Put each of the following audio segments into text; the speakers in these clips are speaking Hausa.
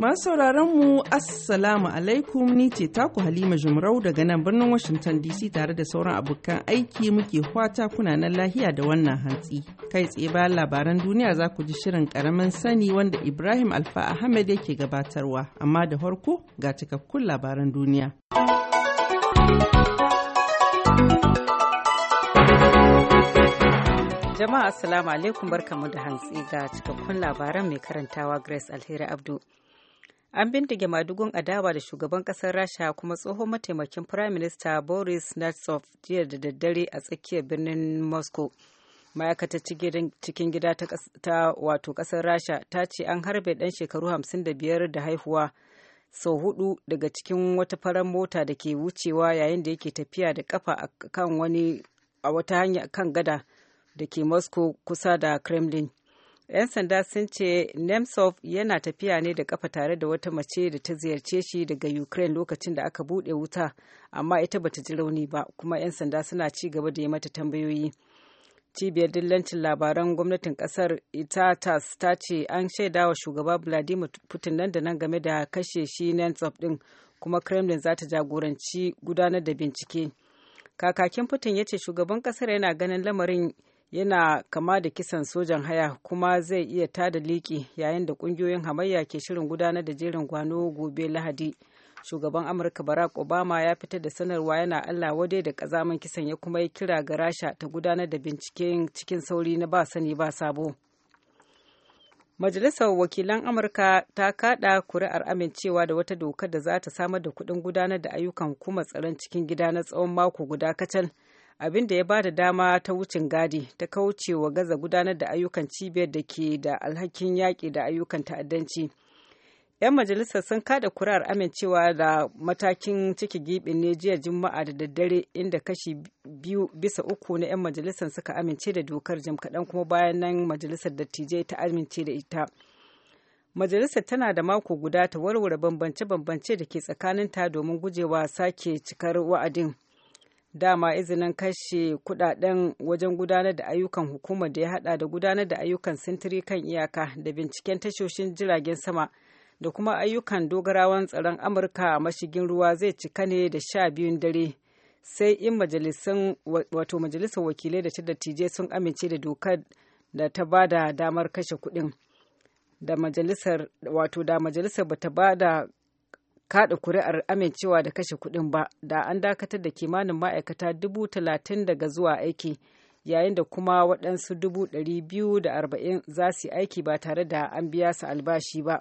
Masu sauraron mu Assalamu alaikum ni ce taku Halima Jumrau daga nan birnin Washington DC tare da sauran abokan aiki muke fata kuna nan lahiya da wannan hantsi. Kai tsaye bayan labaran duniya za ku ji shirin karamin sani wanda Ibrahim Alfa Ahmed yake gabatarwa amma da farko ga cikakkun labaran duniya. Jama'a Assalamu alaikum barkamu da hantsi ga cikakkun labaran mai karantawa Grace Alheri Abdu. an bindige madugun adawa da shugaban kasar rasha kuma tsohon mataimakin prime minister boris nemtsov jiya da daddare a tsakiyar birnin moscow ma'aikatar cikin gida ta wato kasar rasha ta ce an harbe dan shekaru 55 da haihuwa sau hudu daga cikin wata farar mota da ke wucewa yayin da yake tafiya da kafa a wata hanya kan gada da ke moscow kusa da kremlin 'yan sanda sun ce nemtsov yana tafiya ne da kafa tare da wata mace da ta ziyarce shi daga ukraine lokacin da aka buɗe wuta amma ita bata ji rauni ba kuma 'yan sanda suna ci gaba da yi mata tambayoyi cibiyar dillancin labaran gwamnatin kasar itatas ta ce an shaida wa shugaba vladimir putin nan da nan game da kashe shi nemtsov din kuma kremlin za ta jagoranci gudanar da bincike kakakin putin ya ce shugaban kasar yana ganin lamarin yana kama da kisan sojan haya kuma zai iya tada liki yayin da kungiyoyin hamayya ke shirin gudanar da jerin gwano gobe lahadi shugaban amurka barack obama ya fita da sanarwa yana allah wade da kazaman kisan ya kuma yi kira ga rasha ta gudanar da binciken cikin sauri na ba sani ba sabo majalisar wakilan amurka ta kada kuri'ar amincewa da wata dokar da za ta samar da kudin gudanar da ayyukan kuma tsaron cikin gida na tsawon mako guda kacal abin da ya ba da dama ta wucin gadi ta kauce wa gaza gudanar da ayyukan cibiyar da ke da alhakin yaƙi da ayyukan ta'addanci. 'Yan majalisar sun kada kurar amincewa da matakin ciki gibin ne jiya Juma'a da daddare inda kashi biyu bisa uku na 'yan majalisar suka amince da dokar jim kaɗan kuma bayan nan majalisar dattijai ta amince da ita. Majalisar tana da mako guda ta warware bambance-bambance da ke tsakaninta domin gujewa sake cikar wa'adin. dama izinin kashe kudaden wajen gudanar da ayyukan hukumar da ya hada da gudanar da ayyukan sintiri kan iyaka da binciken tashoshin jiragen sama da kuma ayyukan dogarawan tsaron amurka a mashigin ruwa zai cika ne da sha biyun dare sai in majalisun wato majalisar wakilai da ta dattijai sun amince da dokar da ta ba da damar kashe kudin da majalisar wato da majalisar bata ba da kada kuri'ar amincewa da kashe kuɗin ba da an dakatar da kimanin ma'aikata dubu talatin daga zuwa aiki yayin da kuma waɗansu dubu ɗari biyu da arba'in za su yi aiki ba tare da an biya su albashi ba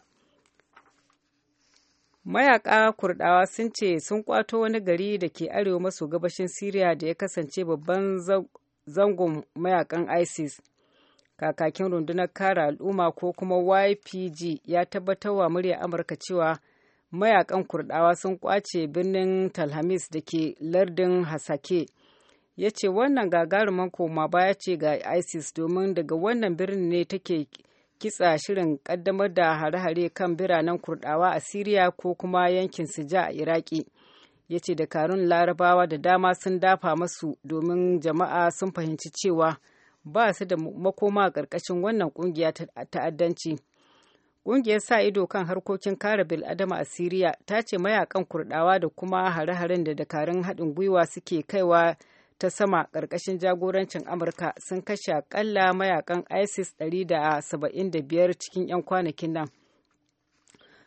mayaka kurdawa sun ce sun kwato wani gari da ke arewa maso gabashin syria da ya kasance babban zangon mayakan isis kakakin rundunar kare al'umma ko kuma ypg ya tabbatar wa murya amurka cewa mayakan kurdawa sun kwace birnin talhamis da ke lardin hasake ya ce wannan gagarumin koma baya ce ga isis domin daga wannan birnin ne take kitsa shirin kaddamar da hare-hare kan biranen kurdawa a siriya ko kuma yankin sija a iraki ya ce dakarun larabawa da dama sun dafa masu domin jama'a sun fahimci cewa ba su da makoma a ƙarƙashin wannan ƙungiya ta'addanci Ƙungiyar sa ido kan harkokin kare bil'adama a Siriya ta ce mayakan kurdawa da kuma hare-haren da dakarun haɗin gwiwa suke kaiwa ta sama ƙarƙashin jagorancin Amurka sun kashe akalla mayakan ISIS 175 cikin 'yan kwanakin nan.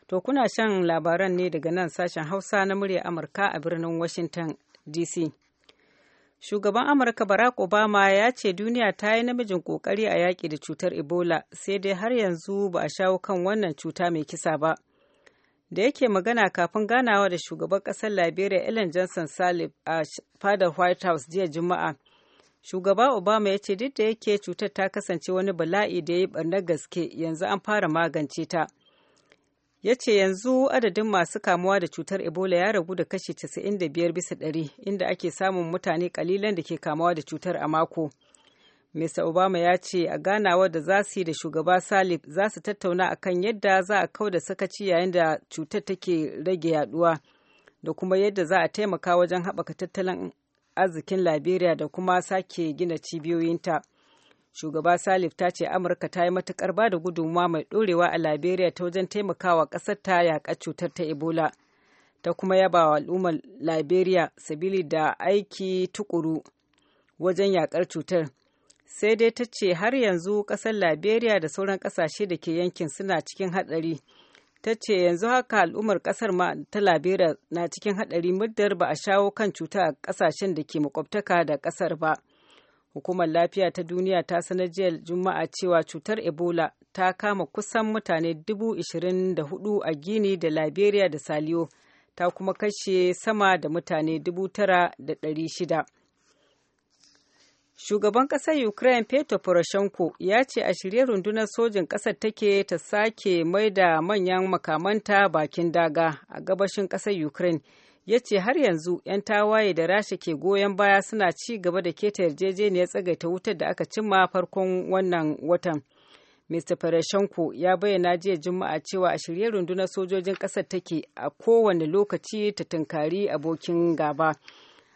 To kuna shan labaran ne daga nan sashen Hausa na murya Amurka a birnin Washington DC. Shugaban Amurka Barack Obama ya ce duniya ta yi namijin kokari a yaƙi da cutar Ebola sai dai har yanzu ba a shawo kan wannan cuta mai kisa ba. Da yake magana kafin ganawa da shugaban ƙasar Liberia Ellen Johnson Salif a fadar White House jiya Juma'a. Shugaba Obama ya ce duk da yake cutar ta kasance wani bala'i da ya yi gaske yanzu an fara magance ta. ya ce yanzu adadin masu kamuwa da cutar ebola ya ragu da kashi 95 bisa ɗari inda ake samun mutane kalilan da ke kamuwa da cutar a mako Mr. Obama ya ce a ganawa da za su yi da shugaba Salib za su tattauna akan yadda za a kau da sakaci yayin da cutar take rage yaduwa da kuma yadda za a taimaka wajen haɓaka tattalin arzikin Liberia da kuma sake gina cibiyoyinta. shugaba salif ta ce amurka ta yi matukar ba da gudunmawa mai dorewa a liberia ta wajen taimakawa kasar ta yaƙa cutar ta ebola ta kuma yaba wa al'ummar liberia sabili da aiki tukuru wajen yaƙar cutar sai dai ta ce har yanzu ƙasar liberia da sauran ƙasashe da ke yankin suna cikin haɗari ta ce yanzu haka al'ummar ƙasar ma ta liberia na cikin haɗari muddar ba a shawo kan cuta a ƙasashen da ke makwabtaka da ƙasar ba. Hukumar lafiya ta duniya ta sanar jiya Juma'a cewa cutar Ebola ta kama kusan mutane 24,000 a Gini da Liberia da Saliyo, ta kuma kashe sama da mutane 9,600 Shugaban ƙasar Ukraine Petro Poroshenko ya ce a shirye rundunar sojin ƙasar take ta sake mai da manyan makamanta bakin daga a gabashin ƙasar Ukraine ya ce har yanzu 'yan tawaye da rasha ke goyon baya suna ci gaba da keta yarjejeniyar tsagaita wutar da aka cimma farkon wannan watan mr pereshenko ya bayyana jiya juma'a cewa a shirye rundunar sojojin ƙasar take a kowane lokaci ta tunkari abokin gaba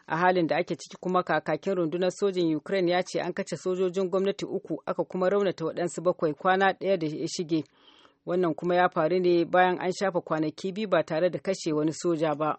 a halin da ake ciki kuma kakakin rundunar sojin ukraine ya ce an kace sojojin gwamnati uku aka kuma raunata waɗansu bakwai kwana ɗaya da ya shige wannan kuma ya faru ne bayan an shafa kwanaki biyu ba tare da kashe wani soja ba.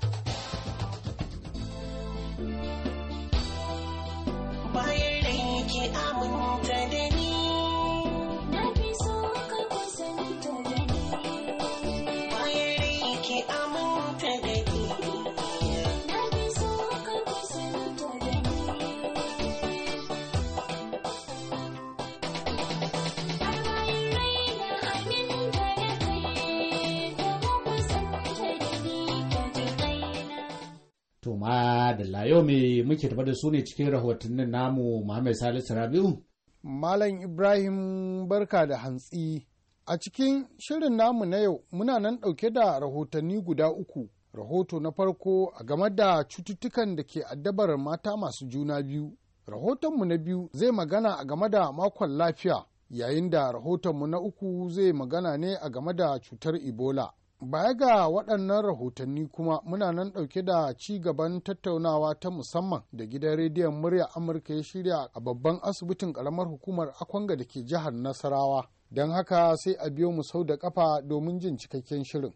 da su ne cikin rahotannin namu Muhammad Salisu Rabiu. Malam Ibrahim barka da hantsi. A cikin shirin namu na yau muna nan ɗauke da rahotanni guda uku. Rahoto na farko a game da cututtukan da ke addabar mata masu juna biyu. Rahotonmu na biyu zai magana a game da makon lafiya, yayin da rahotonmu na uku zai magana ne a game da cutar Ebola. Baya ga waɗannan rahotanni kuma muna nan ɗauke da ci gaban tattaunawa ta musamman da gidan rediyon murya Amurka ya shirya a babban asibitin ƙaramar hukumar Akwanga da ke jihar Nasarawa. Don haka sai a biyo mu sau da ƙafa domin jin cikakken shirin.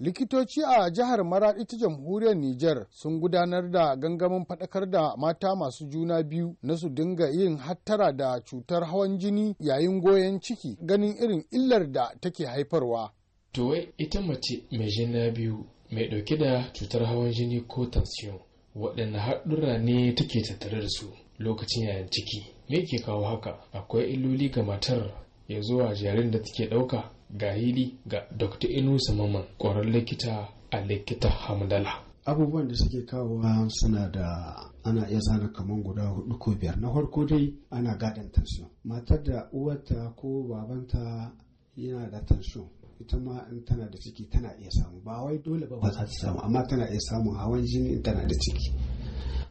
likitoci a jihar maraɗi ta jamhuriyar niger sun gudanar da gangamin faɗakar da mata masu juna biyu na su dinga yin hattara da cutar hawan jini yayin goyon ciki ganin irin illar da take haifarwa to wai ita mace mai jina biyu mai ɗauke da cutar hawan jini ko tansiyon waɗanne haɗura ne take tattare da su lokacin yayin ciki me ke kawo haka akwai illoli ga matar ya zuwa jaririn da take ɗauka ga hili ga dr inusa samaman koren likita a likita hamdala abubuwan da suke kawowa suna da ana iya zana kamar guda hudu ko biyar na farko dai ana gadon tension matar da uwarta ko babanta yana da tension ita ma in tana da ciki tana iya samu ba wai dole ba ba za ta samu amma tana iya samun hawan jini in tana da ciki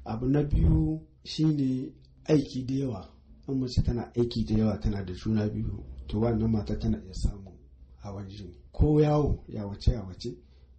abu na biyu shine aiki da yawa in mace tana aiki da yawa tana da juna biyu to wannan mata tana iya samu hawan jini ko yawo ya wace ya wace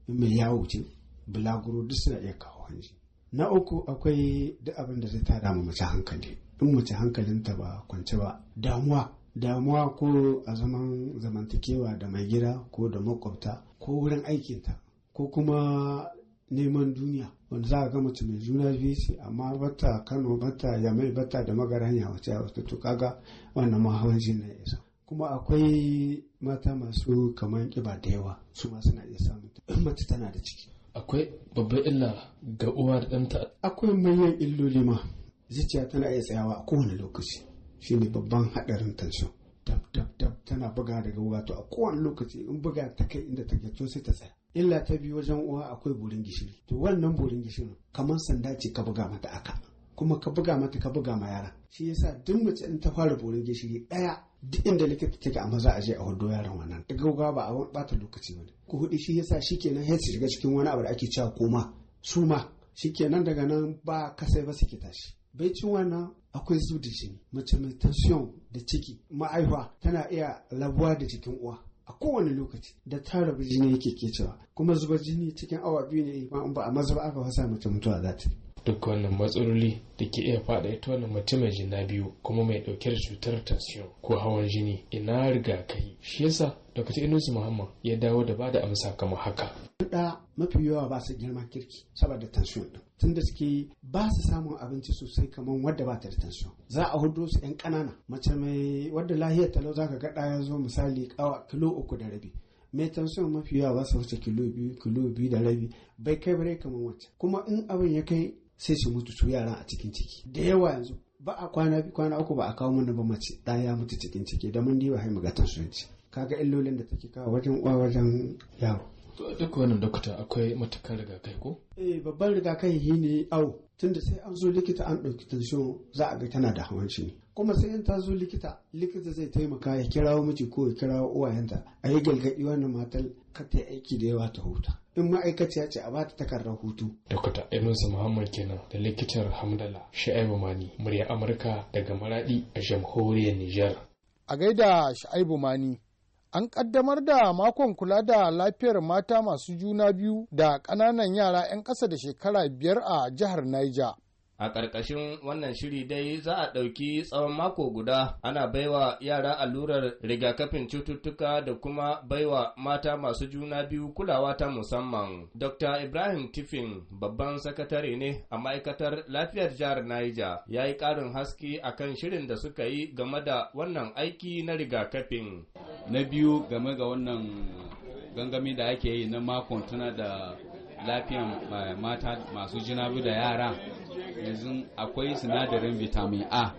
mai yawo ce bulaguro duk suna iya kawo hawan jini na uku akwai duk abin da zai tada ma mace hankali in mace hankalinta ba kwance ba damuwa damuwa ko a zaman zamantakewa da mai gida ko da makwabta ko wurin aikinta ko kuma neman duniya wanda za a ga mace mai juna biyu ce amma bata kano bata yamai bata da magaranya ya wace wata to kaga wannan ma hawan jini ya kuma akwai mata masu kamar kiba da yawa su ma suna iya samun in mace tana da ciki akwai babban illa ga uwa da ɗanta akwai manyan illoli ma zuciya tana iya tsayawa a kowane lokaci shine babban haɗarin tansu dab dab dab tana buga daga uwa to a kowane lokaci in buga ta kai inda take to sai ta tsaya illa ta biyu wajen uwa akwai burin gishiri to wannan burin gishirin kamar sanda ce ka buga mata aka kuma ka buga mata ka buga ma yara shi yasa duk mace in ta fara burin gishiri ɗaya duk inda likita take amma za a je a hudu yaron wannan daga gaba ba a bata lokaci ba ku hudu shi yasa shikenan kenan shiga cikin wani abu da ake cewa koma su ma shikenan daga nan ba kasai ba suke tashi baicin wannan akwai zub da jini mace mai tension da ciki ma'aihuwa tana iya labuwa da cikin uwa a kowane lokaci da ta rabu jini yake ke cewa kuma zuba jini cikin awa biyu ne ba a maza ba aka fasa mace mutuwa za ta duk wannan matsaloli da ke iya fada ita wannan mutum mai jina biyu kuma mai dauke da cutar tension ko hawan jini ina riga kai shi yasa dr inusi muhammad ya dawo da bada amsa kamar haka da mafi yawa ba su girma kirki saboda tension din da suke ba su samun abinci sosai kamar wadda ba ta da tension za a hudu su yan kanana mace mai wadda lahiyar talau zaka ga ɗaya zo misali kawa kilo uku da rabi mai tension mafi yawa ba su wuce kilo biyu kilo biyu da rabi bai kai bare kamar wacce kuma in abin ya kai sai su mutu su yara a cikin ciki da yawa yanzu ba a kwana kwana uku ba a kawo mana ba mace ɗaya ya mutu cikin ciki da mun diba hai magatan sunci kaga illolin da take kawo wajen wajen yaro duk wannan dokta akwai matakan rigakai ko? eh babban rigakai shi ne awo tunda sai an zo likita an ɗauki tansho za a ga tana da hawan ne kuma sai in ta zo likita likita zai taimaka ya kirawo miji ko ya kirawo uwayenta a yi gargaɗi wannan matar ka ta aiki da yawa ta huta in ma'aikaciya ce a ba ta takardar hutu. Dokta Enusa Muhammad kenan da likitar Hamdala Sha'ibu Mani murya Amurka daga Maradi a jamhuriyar Nijar. A gaida Sha'ibu Mani An ƙaddamar da makon kula da lafiyar mata masu juna biyu da ƙananan yara 'yan ƙasa da shekara biyar a jihar Niger. A ƙarƙashin wannan shiri dai za a ɗauki tsawon mako guda ana baiwa yara allurar rigakafin cututtuka da kuma baiwa mata masu juna biyu kulawa ta musamman. Dr. Ibrahim Tifin babban sakatare ne a ma'aikatar lafiyar jihar Niger ya yi ƙarin haske akan shirin da suka yi game da wannan aiki na rigakafin. Na biyu game ga wannan gangami da ake yi na makon tuna da lafiyan eh, mata masu juna biyu da yara. yanzu akwai sinadarin vitamin a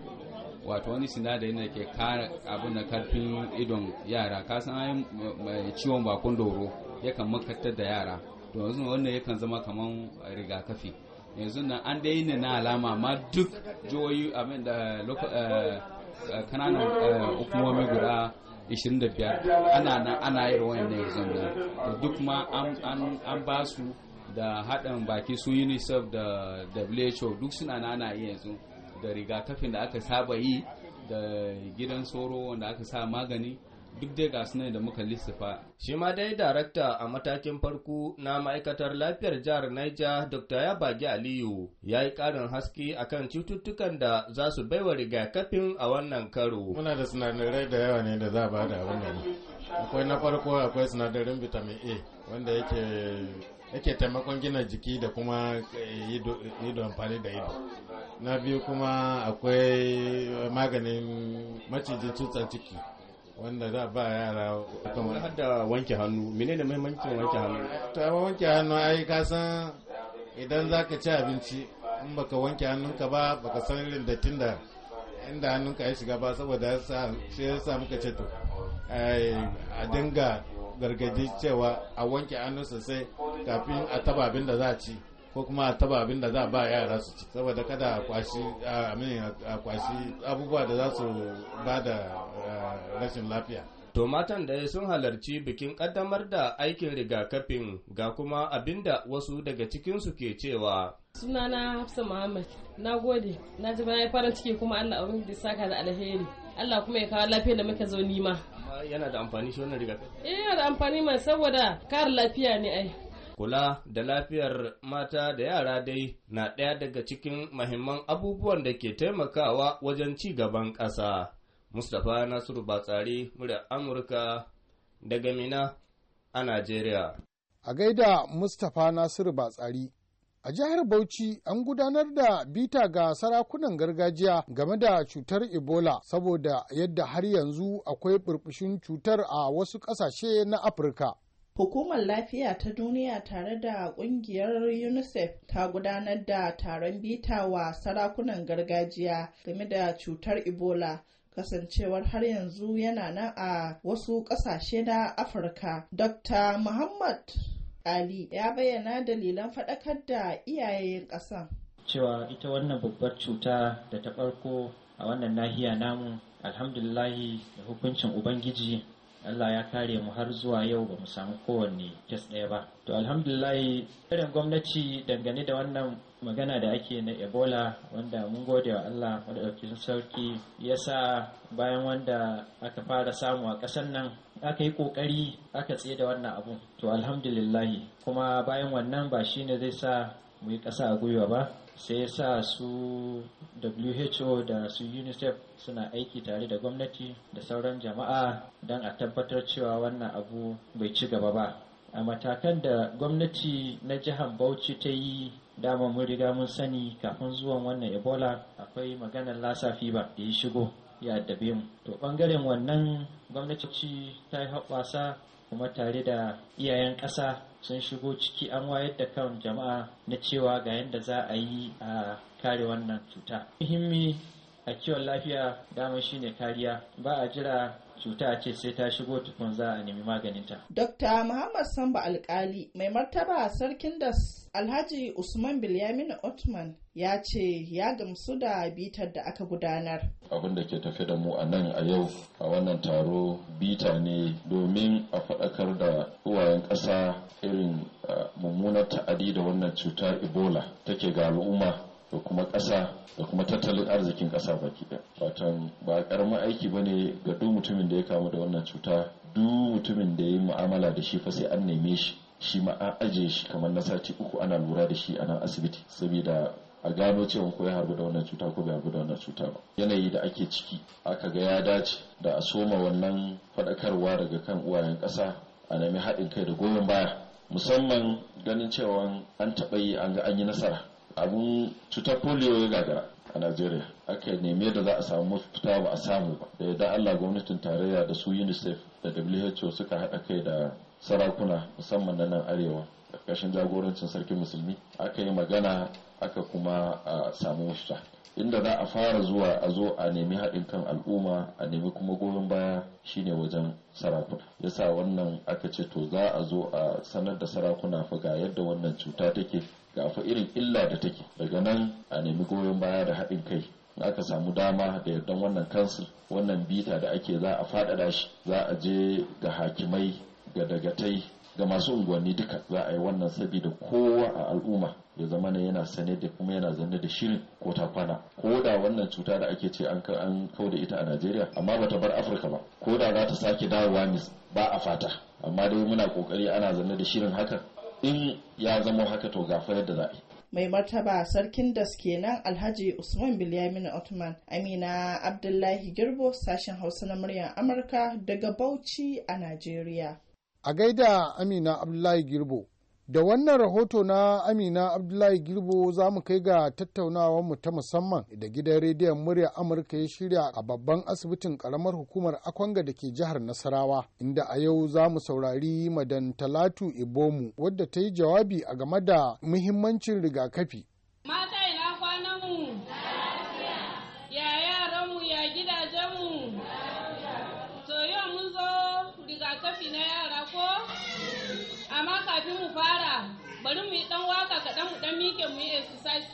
wato wani sinadarin da ke kare abin da karfin idon yara ka san ai mai ciwon bakon doro yakan makantar da yara to yanzu wannan yakan zama kaman rigakafi yanzu nan an dai ne na alama ma duk jihohi abin da eh, eh, kananan eh, hukumomi guda 25 ana ana yi rawan yanzu duk ma an ba su da haɗin baki su unicef da who duk suna nana yanzu da rigakafin da aka saba yi da gidan soro wanda aka sa magani duk dai gasu ne da muka lissafa. Shi ma dai darakta a matakin farko na ma'aikatar lafiyar jihar Naija Dr. Yabagi Aliyu ya yi ƙarin haske akan cututtukan da za su baiwa rigakafin a wannan karo. Muna da sinadarai da yawa ne da za a bada a wannan. Akwai na farko akwai sinadarin vitamin A wanda yake yake taimakon gina jiki da kuma eh, ido amfani da ido na biyu kuma akwai maganin macijin tutsar ciki wanda za ba yara kamar har wanke hannu ne mai wanke hannu ta wanke hannu ai ka san idan za ka ci abinci in baka wanke hannunka ba baka san irin da tinda inda hannunka ya shiga ba saboda sai ya sa muka ce to eh, a dinga gargaji cewa a wanke hannu sosai kafin a taba abin da za a ci ko kuma a taba abin da za a ba yara su ci saboda kada a kwashi abubuwa da za su ba da rashin lafiya To matan da sun halarci bikin ƙaddamar da aikin rigakafin ga kuma abinda wasu daga cikinsu ke cewa. Sunana Hafsa Muhammad, na gode, na ji bayan farin ciki kuma Allah abin da saka da alheri. Allah kuma ya kawo lafiya da muka zo nima yana da amfani shi wannan rigakafi eh yana da amfani mai saboda kar lafiya ne ai kula da lafiyar mata da yara dai na ɗaya daga cikin mahimman abubuwan da ke taimakawa wajen ci gaban ƙasa mustapha nasiru batsari murya amurka daga mina a najeriya a gaida mustapha nasiru batsari A jihar Bauchi an gudanar da bita ga sarakunan gargajiya game da cutar Ebola saboda yadda har yanzu akwai burbushin cutar a wasu ƙasashe na Afirka. Hukumar Lafiya ta Duniya tare da kungiyar UNICEF ta gudanar da taron bita wa sarakunan gargajiya game da cutar Ebola. kasancewar har yanzu yana nan a wasu ƙasashe na Afirka. Dr. Muhammad Ali ya bayyana dalilan faɗakar da iyayen ƙasan. Cewa ita wannan babbar cuta da ta ɓarko a wannan nahiya namu alhamdulillahi da hukuncin Ubangiji Allah ya kare mu har zuwa yau ba mu samu kowanne kes ɗaya ba. To alhamdulillahi irin gwamnati dangane da wannan magana da ake na Ebola wanda mun gode wa Allah ɗauki sarki ya sa bayan wanda aka fara samu a ƙasar nan aka yi ƙoƙari aka tsaye da wannan abu. To alhamdulillahi kuma bayan wannan ba shine zai sa mu yi ƙasa a gwiwa ba sai ya sa su who da su unicef suna aiki tare da gwamnati da sauran jama'a don a tabbatar cewa wannan abu bai ci gaba ba a matakan da gwamnati na jihar bauchi ta yi dama mun riga mun sani kafin zuwan wannan ebola akwai maganar lasafi ba da ya shigo ya addabe mu to bangaren wannan gwamnati ta yi haɓasa kuma tare da iyayen ƙasa sun shigo ciki an wayar da kan jama'a na cewa ga yadda za a yi a kare wannan cuta. Muhimmi a kiwon lafiya dama shine kariya ba a jira cuta ce sai ta shigo tukun za a nemi maganinta. Dokta Muhammad Samba Alkali mai martaba sarkin da Alhaji Usman Bilyamin Otman ya ce ya gamsu da bitar da aka gudanar. Abin da ke tafi da mu a nan a yau a wannan taro bita ne domin a faɗakar da uwayen ƙasa irin mummunar ta'adi da wannan cutar Ebola take ga al'umma da kuma ƙasa da kuma tattalin arzikin ƙasa baki ɗaya fatan ba ƙaramin aiki ba ne ga duk mutumin da ya kamu da wannan cuta duk mutumin da ya yi mu'amala da shi fa sai an neme shi shi ma an ajiye shi kamar na sati uku ana lura da shi a nan asibiti saboda a gano cewa ko ya harbu da wannan cuta ko bai harbu da wannan cuta ba yanayi da ake ciki aka ga ya dace da a soma wannan faɗakarwa daga kan uwayen ƙasa a nemi haɗin kai da goyon baya musamman ganin cewa an taɓa yi an ga an yi nasara abu cutar polio ya gagara a najeriya aka neme da za a samu mafita ba a samu ba da yadda allah gwamnatin tarayya da su unicef da who suka haɗa kai da sarakuna musamman na nan arewa ƙarshen jagorancin sarkin musulmi aka yi magana aka kuma a samu mafita inda za a fara zuwa a zo a nemi haɗin kan al'umma a nemi kuma goyon baya shine wajen sarakuna yasa wannan aka ce to za a zo a sanar da sarakuna fa ga yadda wannan cuta take ga fa irin illa da take daga nan a nemi goyon baya da haɗin kai aka samu dama da yardan wannan kansil wannan bita da ake za a faɗaɗa shi za a je ga hakimai ga dagatai ga masu unguwanni duka za a yi wannan sabida kowa a al'umma ya zama ne yana sane da kuma yana zanne da shirin ko ta kwana ko da wannan cuta da ake ce an an kawo da ita a Najeriya amma bata bar Afirka ba ko da za ta sake dawowa ne ba a fata amma dai muna kokari ana zanne da shirin haka in ya zama haka to ga yadda za a mai martaba sarkin das kenan alhaji usman bilyamin otman amina abdullahi girbo sashen hausa na muryar amurka daga bauchi a najeriya a gaida amina abdullahi girbo Da wannan rahoto na Amina Abdullahi Girbo za mu kai ga tattaunawar mu ta musamman da gidan rediyon murya Amurka ya shirya a babban asibitin karamar hukumar Akwanga da ke jihar Nasarawa, inda a yau za mu saurari Madan Talatu Ibomu wadda ta yi jawabi a game da muhimmancin rigakafi. Mata rike mu yi exercise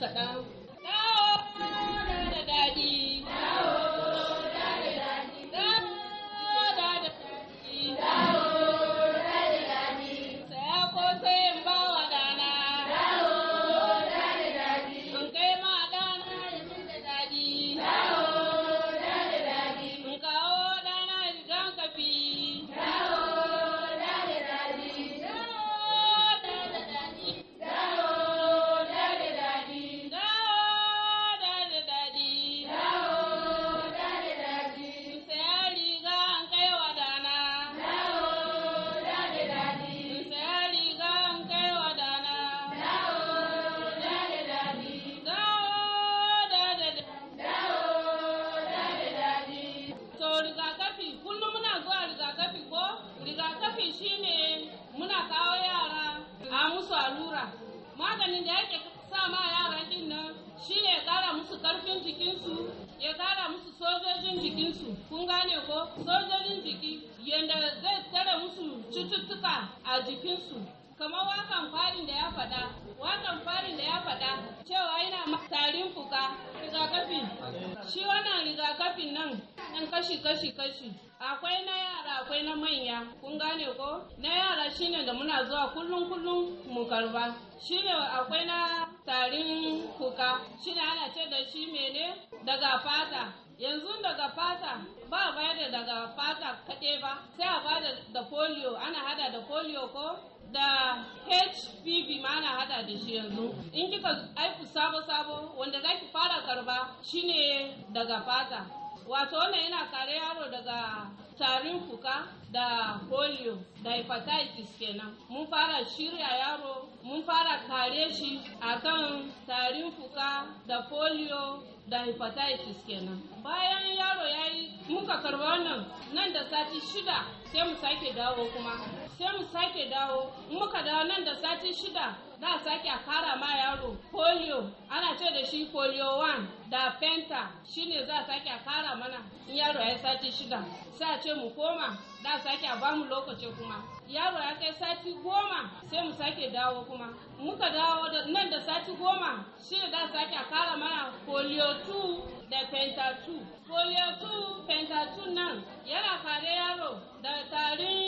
ba fata kaɗe ba sai a bada da polio ana hada da polio ko da hpv ma ana hada da shi yanzu in kika aiku sabo-sabo wanda zaki fara karba shine daga fata wato wannan yana kare yaro daga tarin fuka da polio da hepatitis kenan mun fara shirya yaro mun fara kare shi akan tarin fuka da polio da hepatitis kenan bayan yaro ya yi muka karba wannan nan da sati shida sai mu sake dawo kuma sai mu sake dawo in muka dawo nan da sati shida za a sake a kara ma yaro polio ana ce da shi polio 1 da penta shine za a sake a kara mana in yaro ya sati shida sai a ce mu koma za a sake a bamu lokaci kuma yaro ya kai sati goma sai mu sake dawo kuma muka dawo nan da sati goma shi shine za a sake a kara mana polio 2 da penta 2 polio 2 penta 2 nan yana kare yaro da tarin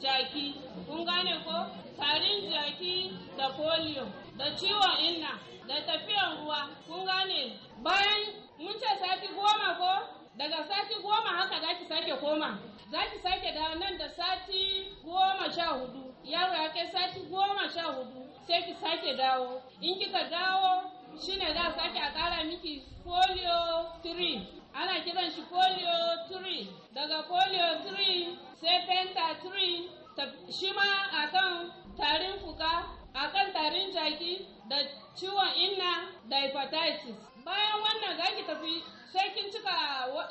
jaki kun gane ko tarin jaki da polio da ciwon inna da tafiyan ruwa kun gane bayan mun ce sati goma ko daga sati goma haka za ki sake koma za ki sake da nan da sati goma sha hudu yaro ya kai sati goma sha hudu sai ki sake dawo in kika dawo shine za sake a kara miki folio 3 ana kiran shi polio 3 daga polio 3 sai penta 3 shi ma akan tarin fuka akan tarin jaki da ciwon inna da hepatitis bayan wannan ga ki tafi sai kin cika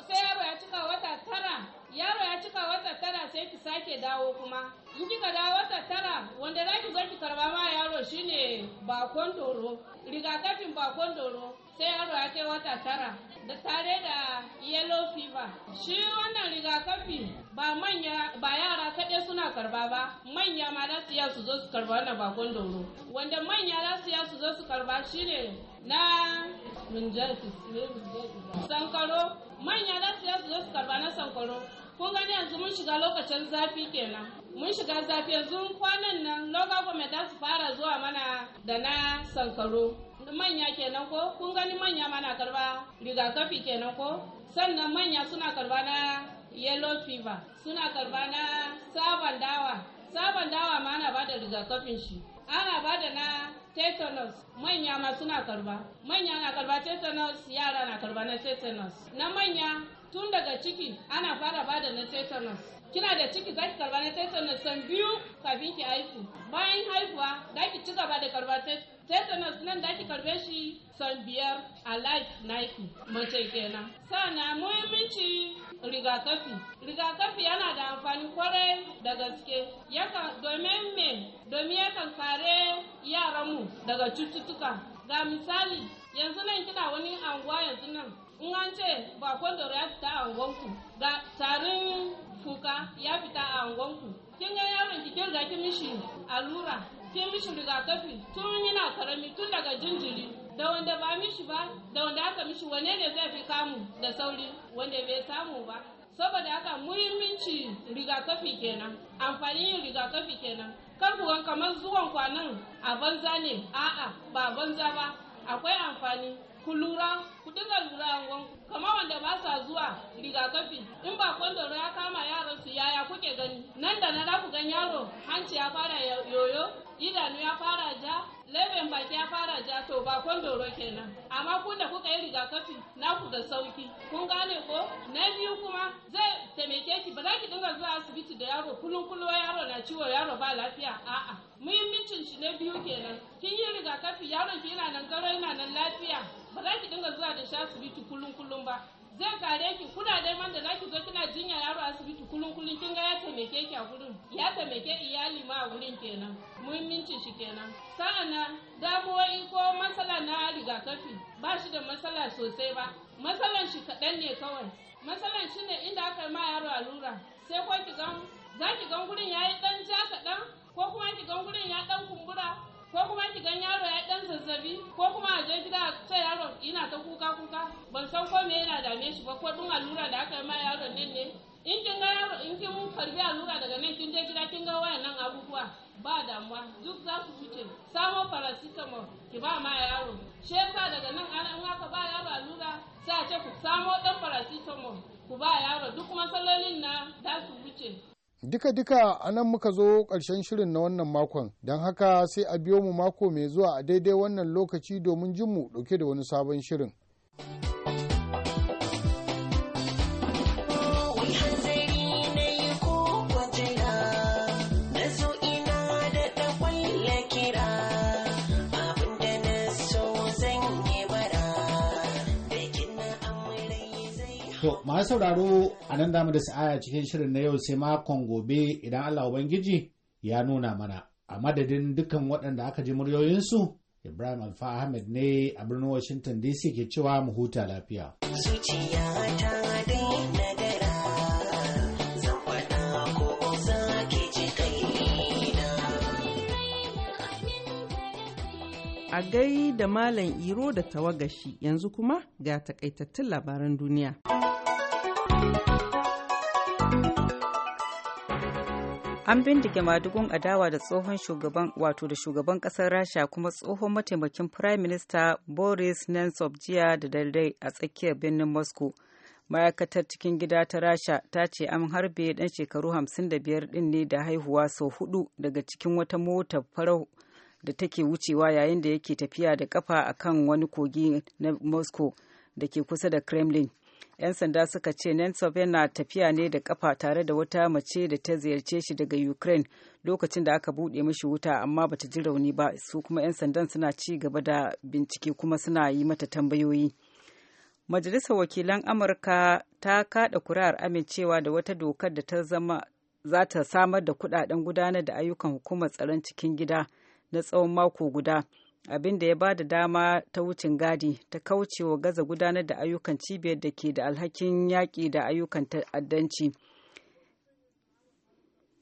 sai yaro ya cika wata tara yaro ya cika wata tara sai ki sake dawo kuma in kika dawo wata tara wanda za ki zo ki karba ma yaro shine bakon doro rigakafin bakon doro sai yaro ya kai wata tara da tare da yellow fever shi wannan rigakafi ba manya ba yara kaɗai suna karba ba manya ma za su iya su zo su karba wannan bakon doro wanda manya za su iya su zo su karba shine na sankaro manya za su iya su zo su karba na sankaro kun gani yanzu mun shiga lokacin zafi kenan mun shiga zafi yanzu kwanan nan local government za su fara zuwa mana da na sankaro manya kenan ko kun gani manya mana karba rigakafi kenan ko sannan manya suna karba na yellow fever suna karba na sabon dawa sabon dawa ma ana bada rigakafin shi ana bada na tetanus manya ma suna karba manya na karba tetanus yara na karba na tetanus na manya tun daga ciki ana fara bada na tetanus kina da ciki zaki karba na tetanus san biyu kafin ki haihu bayan haihuwa zaki ci gaba da karba tetanus nan zaki karbe shi san biyar a life naki mace kenan sana muhimmanci rigakafi rigakafi yana da amfani kwarai da gaske yakan domin me domin yakan kare yaranmu daga cututtuka ga misali yanzu nan kina wani anguwa yanzu nan in an ce bakon da ya fita anguwanku ga tarin kuka ya fita a angonku kin ga yaron ki kin ga mishi allura kin mishi rigakafi tun yana karami tun daga jinjiri da wanda ba mishi ba da wanda aka mishi wane ne zai fi kamu da sauri wanda bai samu ba saboda haka muhimmanci rigakafi kenan Amfani yin rigakafi kenan kar ku kamar zuwan kwanan a banza ne a'a ba banza ba akwai amfani ku lura ku dinga lura angon kamar wanda ba sa zuwa rigakafi in ba kwandoro ya kama yaron su yaya kuke gani nan da na ku gan yaro hanci ya fara yoyo idanu ya fara ja leben baki ya fara ja to ba doro kenan amma ku da kuka yi rigakafi naku da sauki kun gane ko na biyu kuma zai taimake ki ba za ki dinga zuwa asibiti da yaro kulun yaro na ciwo yaro ba lafiya a'a muhimmancin shi na biyu kenan kin yi rigakafi yaron ki yana nan garo yana nan lafiya ba za ki dinga zuwa da shi asibiti kulun kullum ba zai kare ki kuna man da zaki zo kina jinya yaro asibiti kullun kullun kin ga ya taimake ki a gurin ya taimake iyali ma a gurin kenan muhimmancin shi kenan sa'annan damuwoyi ko matsala na rigakafi ba shi da matsala sosai ba matsalan shi kaɗan ne kawai matsalan shi ne inda aka ma yaro allura sai ko ki gan za ki gurin yayi yi ja kaɗan ko kuma ki gan gurin ya ɗan kumbura ko kuma ki gan yaro ya dan zazzabi ko kuma a je gida ta yaro ina ta kuka kuka ban san ko me yana dame shi ba ko dun allura da aka yi ma yaro nan ne in kin ga yaro in kin karbi allura daga nan kin je gida kin ga wayannan abubuwa ba damuwa duk za su wuce samo paracetamol ki ba ma yaro shi yasa daga nan an aka ba yaro allura sai a ce ku samo dan paracetamol ku ba yaro duk matsalolin na za su wuce Duka-duka a nan muka zo ƙarshen shirin na wannan makon, don haka sai a biyo mu mako mai zuwa a daidai wannan lokaci domin jin mu ɗauke da wani sabon shirin. To, masu sauraro a nan damu da sa'aya cikin shirin na yau sai makon gobe idan Allah Ubangiji ya nuna mana. A madadin dukkan waɗanda aka ji muryoyinsu, Ibrahim Alfa Ahmed ne a birnin Washington DC ke cewa mu huta lafiya. a gai da Malam Iro da tawagashi yanzu kuma ga takaitattun labaran duniya. an bindige madugun adawa da tsohon shugaban wato da shugaban kasar rasha kuma tsohon mataimakin prime minister boris nemtsov jiya da dare a tsakiyar birnin moscow ma'aikatar cikin gida ta rasha ta ce an harbe dan shekaru 55 din ne da haihuwa sau hudu daga cikin wata mota farau da take wucewa yayin da yake tafiya da kafa kan wani kogi na moscow da ke kusa da kremlin 'yan sanda suka ce Nemtsov yana tafiya ne da kafa tare da wata mace da ta ziyarce shi daga Ukraine lokacin da aka buɗe mishi wuta amma bata ji rauni ba su kuma 'yan sandan suna ci gaba da bincike kuma suna yi mata tambayoyi. Majalisar wakilan Amurka ta kaɗa kuri'ar amincewa da wata dokar da ta zama za ta samar da kuɗaɗen gudanar da ayyukan hukumar tsaron cikin gida na tsawon mako guda. abin da ya ba da dama ta wucin gadi ta kaucewa gaza gudanar da ayyukan cibiyar da ke da alhakin yaƙi da ayyukan ta'addanci.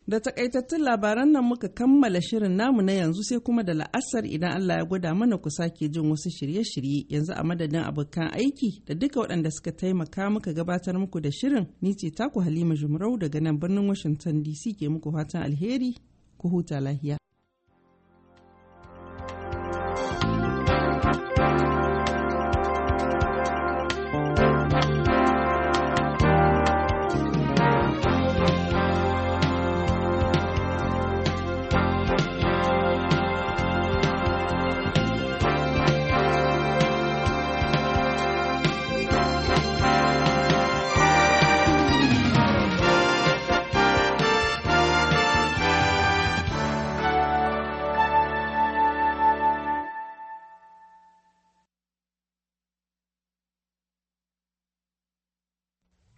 Da takaitattun labaran nan muka kammala shirin namu na yanzu sai kuma da la'asar idan Allah ya gwada mana ku sake jin wasu shirye-shirye yanzu a madadin abokan aiki da duka waɗanda suka taimaka muka gabatar muku da shirin ni ce taku Halima Jumrau daga nan birnin Washington DC ke muku fatan alheri ku huta lahiya.